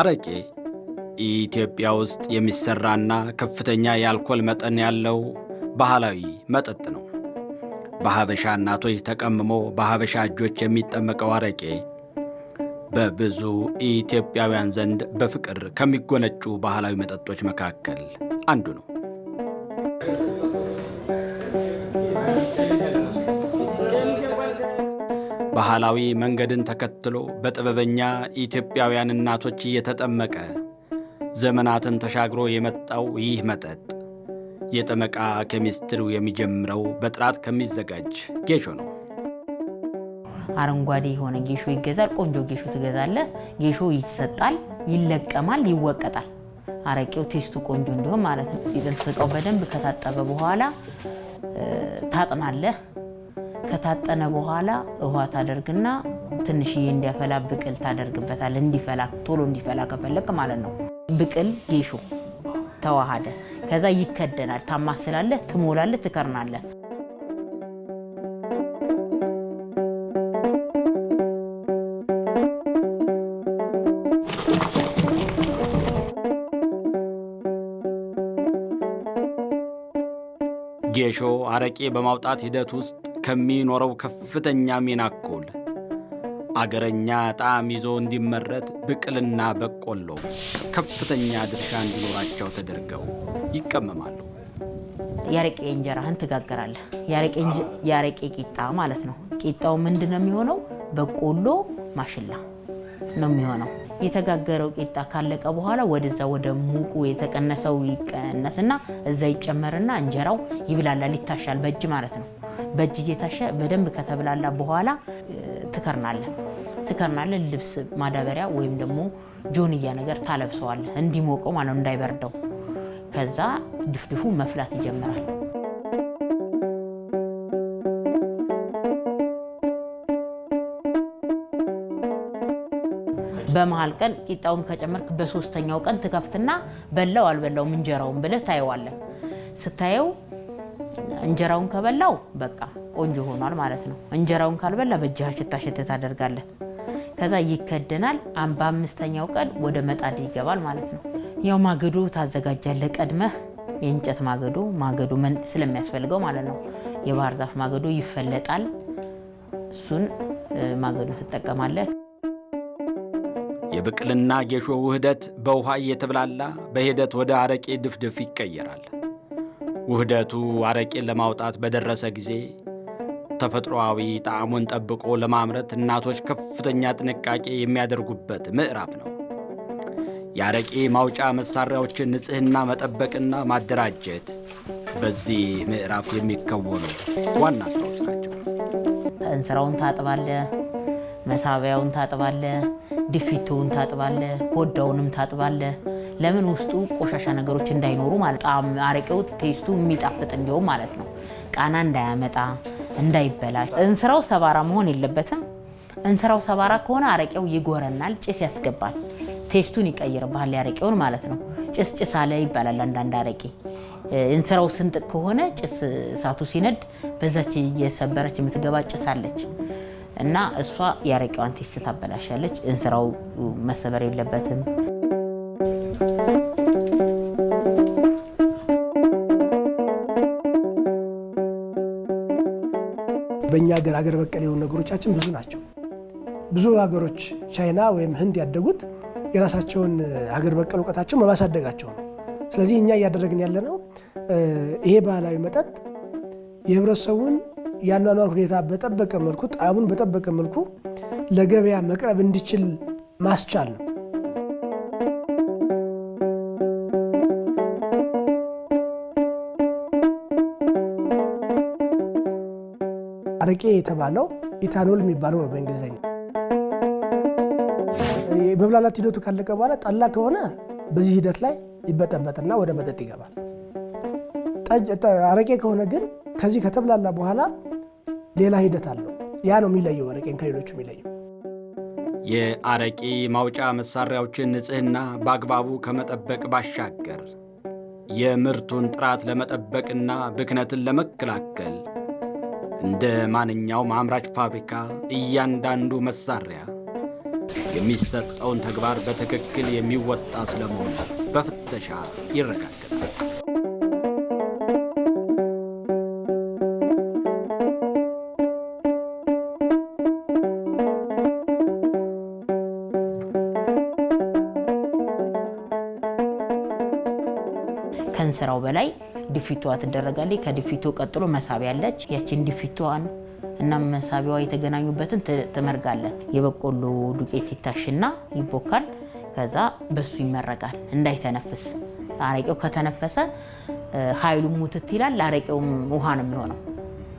አረቄ ኢትዮጵያ ውስጥ የሚሰራና ከፍተኛ የአልኮል መጠን ያለው ባህላዊ መጠጥ ነው። በሐበሻ እናቶች ተቀምሞ በሐበሻ እጆች የሚጠመቀው አረቄ በብዙ ኢትዮጵያውያን ዘንድ በፍቅር ከሚጎነጩ ባህላዊ መጠጦች መካከል አንዱ ነው። ባህላዊ መንገድን ተከትሎ በጥበበኛ ኢትዮጵያውያን እናቶች እየተጠመቀ ዘመናትን ተሻግሮ የመጣው ይህ መጠጥ የጠመቃ ኬሚስትሪው የሚጀምረው በጥራት ከሚዘጋጅ ጌሾ ነው። አረንጓዴ የሆነ ጌሾ ይገዛል። ቆንጆ ጌሾ ትገዛለህ። ጌሾ ይሰጣል፣ ይለቀማል፣ ይወቀጣል። አረቄው ቴስቱ ቆንጆ እንዲሆን ማለት ነው። ስቃው በደንብ ከታጠበ በኋላ ታጥናለህ። ከታጠነ በኋላ ውሃ ታደርግና ትንሽዬ እንዲያፈላ ብቅል ታደርግበታል። እንዲፈላ ቶሎ እንዲፈላ ከፈለግ ማለት ነው። ብቅል ጌሾ ተዋሃደ። ከዛ ይከደናል። ታማስላለህ፣ ትሞላለህ፣ ትከርናለህ። ጌሾ አረቄ በማውጣት ሂደት ውስጥ ከሚኖረው ከፍተኛ ሚና እኩል አገረኛ ጣዕም ይዞ እንዲመረት ብቅልና በቆሎ ከፍተኛ ድርሻ እንዲኖራቸው ተደርገው ይቀመማሉ። የአረቄ እንጀራህን ትጋገራለህ። ያረቄ ቂጣ ማለት ነው። ቂጣው ምንድን ነው የሚሆነው? በቆሎ ማሽላ ነው የሚሆነው። የተጋገረው ቂጣ ካለቀ በኋላ ወደዛ ወደ ሙቁ የተቀነሰው ይቀነስና እዛ ይጨመርና እንጀራው ይብላላል፣ ይታሻል በእጅ ማለት ነው። በእጅ እየታሸ በደንብ ከተብላላ በኋላ ትከርናለህ ትከርናለህ። ልብስ ማዳበሪያ ወይም ደግሞ ጆንያ ነገር ታለብሰዋለህ እንዲሞቀው ማለት ነው፣ እንዳይበርደው ከዛ ድፍድፉ መፍላት ይጀምራል። በመሀል ቀን ቂጣውን ከጨመርክ በሶስተኛው ቀን ትከፍትና በላው አልበላውም እንጀራውን ብለህ ታየዋለን። ስታየው እንጀራውን ከበላው በቃ ቆንጆ ሆኗል ማለት ነው። እንጀራውን ካልበላ በእጅህ ሽታ ሽት ታደርጋለህ። ከዛ ይከደናል። በአምስተኛው ቀን ወደ መጣድ ይገባል ማለት ነው። ያው ማገዶ ታዘጋጃለህ ቀድመህ የእንጨት ማገዶ ማገዶ ምን ስለሚያስፈልገው ማለት ነው። የባህር ዛፍ ማገዶ ይፈለጣል። እሱን ማገዶ ትጠቀማለህ። የብቅልና ጌሾ ውህደት በውሃ እየተብላላ በሂደት ወደ አረቄ ድፍድፍ ይቀየራል። ውህደቱ አረቄን ለማውጣት በደረሰ ጊዜ ተፈጥሮአዊ ጣዕሙን ጠብቆ ለማምረት እናቶች ከፍተኛ ጥንቃቄ የሚያደርጉበት ምዕራፍ ነው። የአረቄ ማውጫ መሳሪያዎችን ንጽህና መጠበቅና ማደራጀት በዚህ ምዕራፍ የሚከወኑ ዋና ስራዎች ናቸው። እንስራውን ታጥባለ፣ መሳቢያውን ታጥባለ፣ ድፊቱን ታጥባለ፣ ኮዳውንም ታጥባለ። ለምን ውስጡ ቆሻሻ ነገሮች እንዳይኖሩ ማለት ጣም አረቄው ቴስቱ የሚጣፍጥ እንዲሆን ማለት ነው። ቃና እንዳያመጣ እንዳይበላሽ። እንስራው ሰባራ መሆን የለበትም። እንስራው ሰባራ ከሆነ አረቄው ይጎረናል፣ ጭስ ያስገባል። ቴስቱን ይቀይርብሃል ያረቄውን ማለት ነው። ጭስ ጭስ አለ ይባላል አንዳንድ አረቄ እንስራው ስንጥቅ ከሆነ ጭስ እሳቱ ሲነድ በዛች እየሰበረች የምትገባ ጭስ አለች እና እሷ የአረቂዋን ቴስት ታበላሻለች። እንስራው መሰበር የለበትም። በእኛ ሀገር ሀገር በቀል የሆኑ ነገሮቻችን ብዙ ናቸው። ብዙ ሀገሮች ቻይና ወይም ህንድ ያደጉት የራሳቸውን ሀገር በቀል እውቀታቸውን በማሳደጋቸው ነው። ስለዚህ እኛ እያደረግን ያለነው ይሄ ባህላዊ መጠጥ የህብረተሰቡን የአኗኗር ሁኔታ በጠበቀ መልኩ ጣዕሙን በጠበቀ መልኩ ለገበያ መቅረብ እንዲችል ማስቻል ነው። አረቄ የተባለው ኢታኖል የሚባለው ነው በእንግሊዝኛ የመብላላት ሂደቱ ካለቀ በኋላ ጠላ ከሆነ በዚህ ሂደት ላይ ይበጠበጥና ወደ መጠጥ ይገባል። አረቄ ከሆነ ግን ከዚህ ከተብላላ በኋላ ሌላ ሂደት አለው። ያ ነው የሚለየው አረቄን ከሌሎቹ የሚለየው። የአረቄ ማውጫ መሳሪያዎችን ንጽህና በአግባቡ ከመጠበቅ ባሻገር የምርቱን ጥራት ለመጠበቅና ብክነትን ለመከላከል እንደ ማንኛውም አምራች ፋብሪካ እያንዳንዱ መሳሪያ የሚሰጠውን ተግባር በትክክል የሚወጣ ስለመሆኑ በፍተሻ ይረጋገጣል። ከእንስራው በላይ ድፊቷ ትደረጋለች። ከድፊቱ ቀጥሎ መሳቢያ አለች። ያችን ድፊቷን እና መሳቢያዋ የተገናኙበትን ትመርጋለን። የበቆሎ ዱቄት ይታሽና ይቦካል። ከዛ በሱ ይመረጋል እንዳይተነፍስ። አረቄው ከተነፈሰ ኃይሉ ሙትት ይላል። አረቄውም ውሃ ነው የሚሆነው።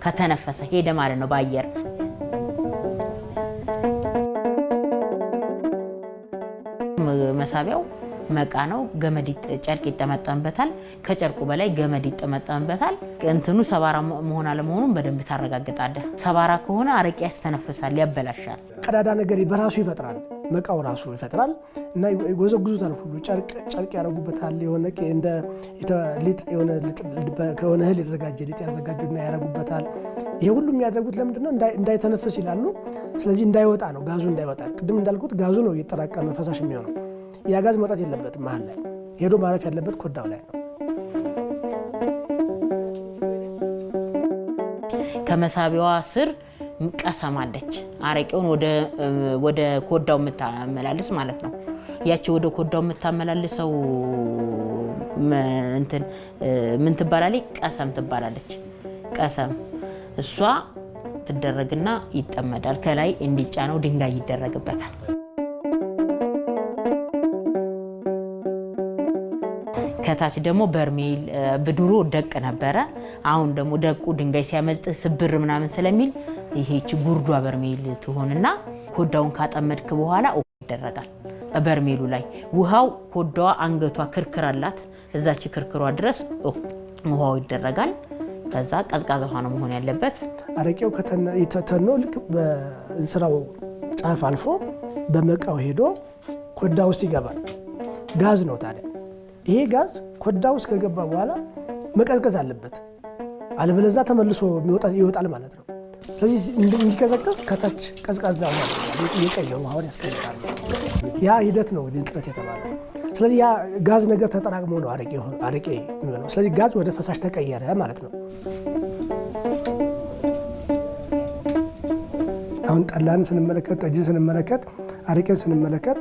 ከተነፈሰ ሄደ ማለት ነው በአየር መሳቢያው መቃ ነው። ገመድ ጨርቅ ይጠመጠምበታል። ከጨርቁ በላይ ገመድ ይጠመጠምበታል። እንትኑ ሰባራ መሆን አለመሆኑን በደንብ ታረጋግጣለህ። ሰባራ ከሆነ አረቄ ያስተነፍሳል፣ ያበላሻል። ቀዳዳ ነገር በራሱ ይፈጥራል፣ መቃው ራሱ ይፈጥራል እና ይጎዘጉዙታል። ሁሉ ጨርቅ ጨርቅ ያደረጉበታል። የሆነ እንደ ሊጥ ከሆነ እህል የተዘጋጀ ሊጥ ያዘጋጁና ያደረጉበታል። ይሄ ሁሉ የሚያደርጉት ለምንድን ነው? እንዳይተነፍስ ይላሉ። ስለዚህ እንዳይወጣ ነው፣ ጋዙ እንዳይወጣ። ቅድም እንዳልኩት ጋዙ ነው እየተጠራቀመ ፈሳሽ የሚሆነው የአጋዝ መውጣት የለበትም መሀል ላይ ሄዶ ማረፍ ያለበት ኮዳው ላይ ነው። ከመሳቢያዋ ስር ቀሰማለች። አረቄውን ወደ ኮዳው የምታመላልስ ማለት ነው። ያቺ ወደ ኮዳው የምታመላልሰው እንትን ምን ትባላለች? ቀሰም ትባላለች። ቀሰም እሷ ትደረግና ይጠመዳል። ከላይ እንዲጫነው ድንጋይ ይደረግበታል። ከታች ደግሞ በርሜል ብድሩ ደቅ ነበረ። አሁን ደግሞ ደቁ ድንጋይ ሲያመልጥ ስብር ምናምን ስለሚል ይሄች ጉርዷ በርሜል ትሆንና ኮዳውን ካጠመድክ በኋላ ይደረጋል። በርሜሉ ላይ ውሃው ኮዳዋ አንገቷ ክርክር አላት። እዛች ክርክሯ ድረስ ውሃው ይደረጋል። ከዛ ቀዝቃዛ ውሃ ነው መሆን ያለበት። አረቄው ተኖ ልክ በእንስራው ጫፍ አልፎ በመቃው ሄዶ ኮዳ ውስጥ ይገባል። ጋዝ ነው ታዲያ ይሄ ጋዝ ኮዳ ውስጥ ከገባ በኋላ መቀዝቀዝ አለበት፣ አለበለዛ ተመልሶ ይወጣል ማለት ነው። ስለዚህ እንዲቀዘቀዝ ከታች ቀዝቃዛ የቀየሩ ውሃውን ያስቀይራሉ። ያ ሂደት ነው ንጥረት የተባለ። ስለዚህ ያ ጋዝ ነገር ተጠራቅሞ ነው አረቄ የሚሆነው። ስለዚህ ጋዝ ወደ ፈሳሽ ተቀየረ ማለት ነው። አሁን ጠላን ስንመለከት፣ ጠጅን ስንመለከት፣ አረቄን ስንመለከት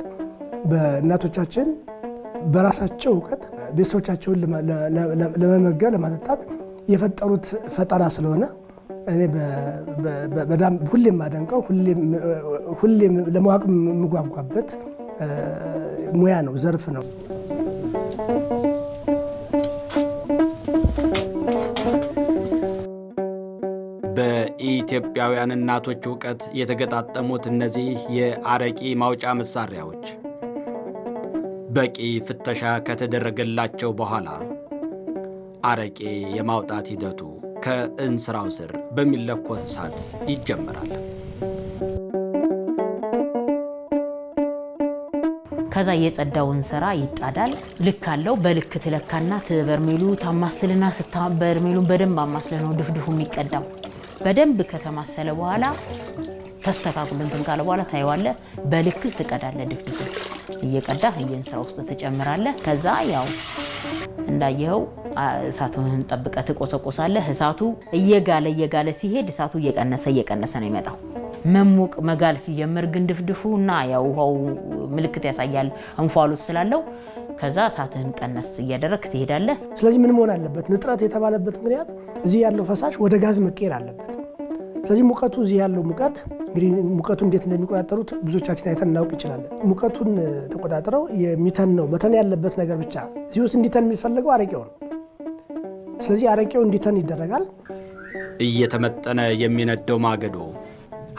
በእናቶቻችን በራሳቸው እውቀት ቤተሰቦቻቸውን ለመመገብ ለማጠጣት የፈጠሩት ፈጠራ ስለሆነ እኔ በጣም ሁሌም የማደንቀው ሁሌም ለማወቅ የምጓጓበት ሙያ ነው፣ ዘርፍ ነው። በኢትዮጵያውያን እናቶች እውቀት የተገጣጠሙት እነዚህ የአረቂ ማውጫ መሳሪያዎች በቂ ፍተሻ ከተደረገላቸው በኋላ አረቄ የማውጣት ሂደቱ ከእንስራው ስር በሚለኮስ እሳት ይጀመራል። ከዛ የጸዳውን ስራ ይጣዳል። ልክ አለው በልክ ትለካና በርሜሉ ታማስልና በርሜሉን በደንብ አማስለ ነው ድፍድፉ የሚቀዳው። በደንብ ከተማሰለ በኋላ ተስተካክሎ እንትን ካለ በኋላ ታየዋለ። በልክ ትቀዳለ ድፍድፉ እየቀዳህ ስራ ውስጥ ትጨምራለህ። ከዛ ያው እንዳየኸው እሳቱን ጠብቀህ ትቆሰቆሳለህ። እሳቱ እየጋለ እየጋለ ሲሄድ እሳቱ እየቀነሰ እየቀነሰ ነው የሚመጣው። መሞቅ መጋል ሲጀምር ግን ድፍድፉ እና ያው ውሃው ምልክት ያሳያል እንፏሎት ስላለው ከዛ እሳትህን ቀነስ እያደረግ ትሄዳለህ። ስለዚህ ምን መሆን አለበት? ንጥረት የተባለበት ምክንያት እዚህ ያለው ፈሳሽ ወደ ጋዝ መቀየር አለበት። ስለዚህ ሙቀቱ እዚህ ያለው ሙቀት እንግዲህ ሙቀቱ እንዴት እንደሚቆጣጠሩት ብዙዎቻችን አይተን እናውቅ ይችላለን። ሙቀቱን ተቆጣጥረው ነው መተን ያለበት ነገር ብቻ እዚህ ውስጥ እንዲተን የሚፈለገው አረቄው ነው። ስለዚህ አረቄው እንዲተን ይደረጋል። እየተመጠነ የሚነደው ማገዶ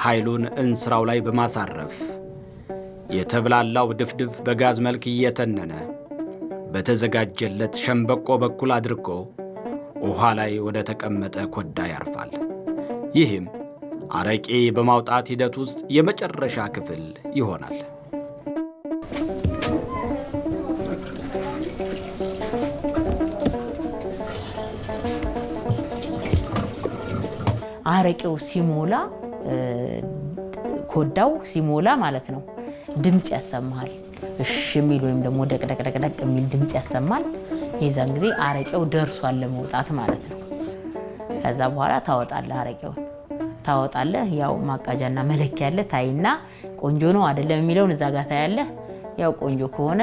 ኃይሉን እንስራው ላይ በማሳረፍ የተብላላው ድፍድፍ በጋዝ መልክ እየተነነ በተዘጋጀለት ሸንበቆ በኩል አድርጎ ውኃ ላይ ወደ ተቀመጠ ኮዳ ያርፋል። ይህም አረቄ በማውጣት ሂደት ውስጥ የመጨረሻ ክፍል ይሆናል። አረቄው ሲሞላ ኮዳው ሲሞላ ማለት ነው ድምፅ ያሰማል። እሽ የሚል ወይም ደግሞ ደቅደቅደቅደቅ የሚል ድምፅ ያሰማል። የዛን ጊዜ አረቄው ደርሷል ለመውጣት ማለት ነው። ከዛ በኋላ ታወጣለህ አረቄውን። ታወጣለህ። ያው ማቃጃና መለኪያ አለ። ታይና ቆንጆ ነው አይደለም የሚለውን እዛ ጋር ታያለህ። ያው ቆንጆ ከሆነ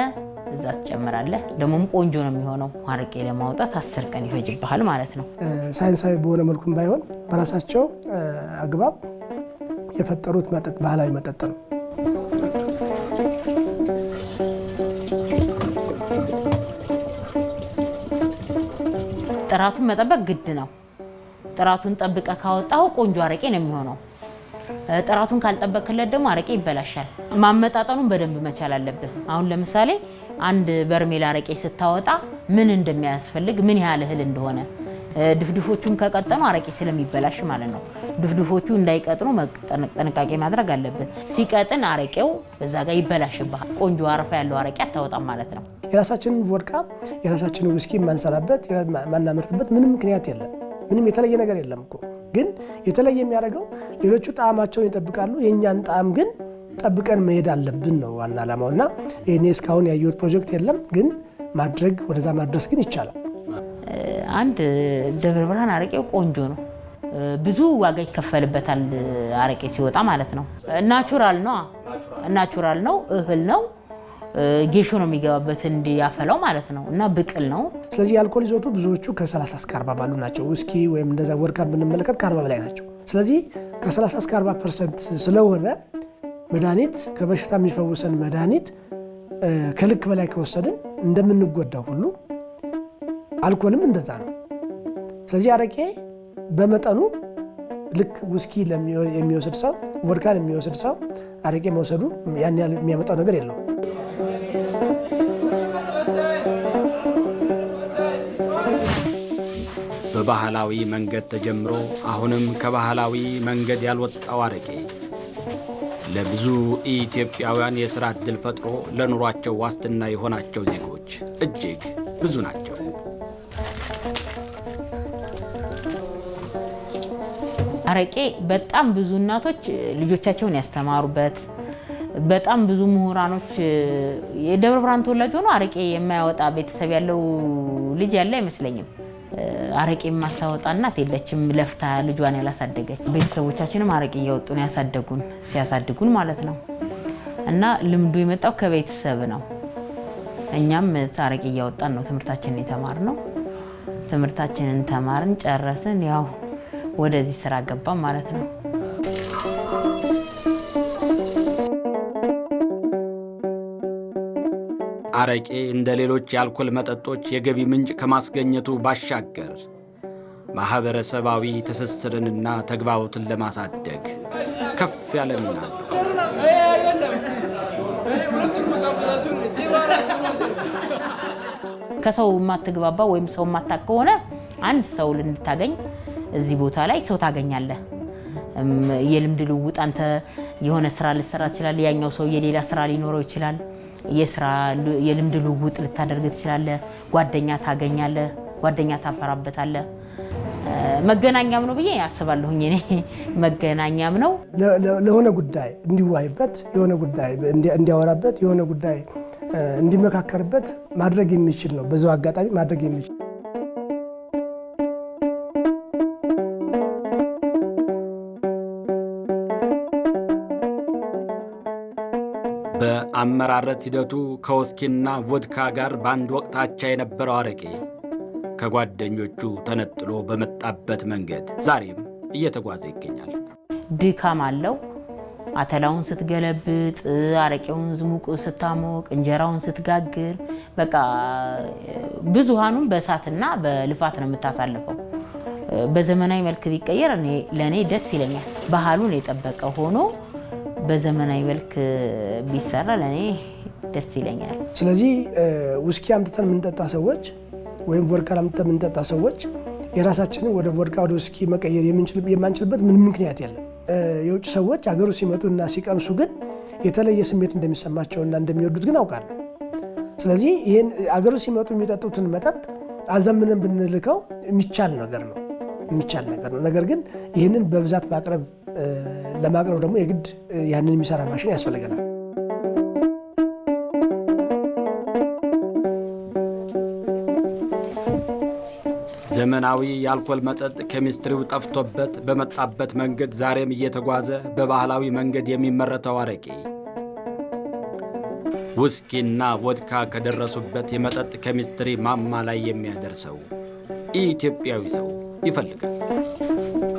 እዛ ትጨምራለህ። ደግሞም ቆንጆ ነው የሚሆነው። አርቄ ለማውጣት አስር ቀን ይፈጅብሃል ማለት ነው። ሳይንሳዊ በሆነ መልኩም ባይሆን በራሳቸው አግባብ የፈጠሩት መጠጥ ባህላዊ መጠጥ ነው። ጥራቱን መጠበቅ ግድ ነው። ጥራቱን ጠብቀ ካወጣው ቆንጆ አረቄ ነው የሚሆነው። ጥራቱን ካልጠበቅለት ደግሞ አረቄ ይበላሻል። ማመጣጠኑን በደንብ መቻል አለብን። አሁን ለምሳሌ አንድ በርሜል አረቄ ስታወጣ ምን እንደሚያስፈልግ ምን ያህል እህል እንደሆነ ድፍድፎቹን ከቀጠኑ አረቄ ስለሚበላሽ ማለት ነው። ድፍድፎቹ እንዳይቀጥኑ ጥንቃቄ ማድረግ አለብን። ሲቀጥን አረቄው በዛ ጋር ይበላሽብሃል። ቆንጆ አረፋ ያለው አረቄ አታወጣም ማለት ነው። የራሳችንን ቮድካ የራሳችንን ውስኪ የማንሰራበት የማናመርትበት ምንም ምክንያት የለም። ምንም የተለየ ነገር የለም እኮ። ግን የተለየ የሚያደርገው ሌሎቹ ጣዕማቸውን ይጠብቃሉ፣ የእኛን ጣዕም ግን ጠብቀን መሄድ አለብን ነው ዋና ዓላማው። እና እኔ እስካሁን ያየሁት ፕሮጀክት የለም፣ ግን ማድረግ ወደዛ ማድረስ ግን ይቻላል። አንድ ደብረ ብርሃን አረቄው ቆንጆ ነው። ብዙ ዋጋ ይከፈልበታል አረቄ ሲወጣ ማለት ነው። ናቹራል ነው ናቹራል ነው እህል ነው ጌሾ ነው የሚገባበት እንዲያፈላው ማለት ነው እና ብቅል ነው። ስለዚህ የአልኮል ይዘቱ ብዙዎቹ ከ30 እስከ 40 ባሉ ናቸው። ውስኪ ወይም እንደዛ ወርካ ብንመለከት ከ40 በላይ ናቸው። ስለዚህ ከ30 እስከ 40 ፐርሰንት ስለሆነ መድኃኒት ከበሽታ የሚፈውሰን መድኃኒት ከልክ በላይ ከወሰድን እንደምንጎዳው ሁሉ አልኮልም እንደዛ ነው። ስለዚህ አረቄ በመጠኑ ልክ ውስኪ የሚወስድ ሰው ወድካን የሚወስድ ሰው አረቄ መውሰዱ ያን ያህል የሚያመጣው ነገር የለውም። በባህላዊ መንገድ ተጀምሮ አሁንም ከባህላዊ መንገድ ያልወጣው አረቄ ለብዙ ኢትዮጵያውያን የሥራ ዕድል ፈጥሮ ለኑሯቸው ዋስትና የሆናቸው ዜጎች እጅግ ብዙ ናቸው። አረቄ በጣም ብዙ እናቶች ልጆቻቸውን ያስተማሩበት በጣም ብዙ ምሁራኖች የደብረ ብርሃን ተወላጅ ሆኖ አረቄ የማያወጣ ቤተሰብ ያለው ልጅ ያለ አይመስለኝም። አረቄ የማታወጣ እናት የለችም። ለፍታ ልጇን ያላሳደገች ቤተሰቦቻችንም አረቄ እያወጡ ነው ያሳደጉን ሲያሳድጉን ማለት ነው። እና ልምዱ የመጣው ከቤተሰብ ነው። እኛም አረቄ እያወጣን ነው ትምህርታችንን የተማርነው። ትምህርታችንን ተማርን ጨረስን፣ ያው ወደዚህ ስራ ገባን ማለት ነው። አረቄ እንደ ሌሎች የአልኮል መጠጦች የገቢ ምንጭ ከማስገኘቱ ባሻገር ማኅበረሰባዊ ትስስርንና ተግባቦትን ለማሳደግ ከፍ ያለ ሚና ከሰው የማትግባባ ወይም ሰው የማታቅ ከሆነ አንድ ሰው ልንታገኝ እዚህ ቦታ ላይ ሰው ታገኛለህ። የልምድ ልውውጥ አንተ የሆነ ስራ ልትሰራ ትችላለህ። ያኛው ሰው የሌላ ስራ ሊኖረው ይችላል። የስራ የልምድ ልውውጥ ልታደርግ ትችላለህ። ጓደኛ ታገኛለህ፣ ጓደኛ ታፈራበታለህ። መገናኛም ነው ብዬ አስባለሁኝ። እኔ መገናኛም ነው ለሆነ ጉዳይ እንዲዋይበት፣ የሆነ ጉዳይ እንዲያወራበት፣ የሆነ ጉዳይ እንዲመካከርበት ማድረግ የሚችል ነው። በዚያው አጋጣሚ ማድረግ የሚችል አመራረት ሂደቱ ከወስኪና ቮድካ ጋር በአንድ ወቅት አቻ የነበረው አረቄ ከጓደኞቹ ተነጥሎ በመጣበት መንገድ ዛሬም እየተጓዘ ይገኛል። ድካም አለው። አተላውን ስትገለብጥ፣ አረቄውን ዝሙቅ ስታሞቅ፣ እንጀራውን ስትጋግር፣ በቃ ብዙሃኑም በእሳትና በልፋት ነው የምታሳልፈው። በዘመናዊ መልክ ቢቀየር ለእኔ ደስ ይለኛል። ባህሉን የጠበቀ ሆኖ በዘመናዊ መልክ ቢሰራ ለእኔ ደስ ይለኛል። ስለዚህ ውስኪ አምጥተን የምንጠጣ ሰዎች ወይም ቮድካ አምጥተን የምንጠጣ ሰዎች የራሳችንን ወደ ቮድካ ወደ ውስኪ መቀየር የማንችልበት ምንም ምክንያት የለም። የውጭ ሰዎች አገሩ ሲመጡ እና ሲቀምሱ ግን የተለየ ስሜት እንደሚሰማቸውና እንደሚወዱት ግን አውቃለሁ። ስለዚህ ይህን አገሩ ሲመጡ የሚጠጡትን መጠጥ አዘምነን ብንልከው የሚቻል ነገር ነው። የሚቻል ነገር ነው። ነገር ግን ይህንን በብዛት ማቅረብ ለማቅረብ ደግሞ የግድ ያንን የሚሰራ ማሽን ያስፈልገናል። ዘመናዊ የአልኮል መጠጥ ኬሚስትሪው ጠፍቶበት በመጣበት መንገድ ዛሬም እየተጓዘ በባህላዊ መንገድ የሚመረተው አረቄ፣ ውስኪና ወድካ ከደረሱበት የመጠጥ ኬሚስትሪ ማማ ላይ የሚያደርሰው ኢትዮጵያዊ ሰው ይፈልጋል።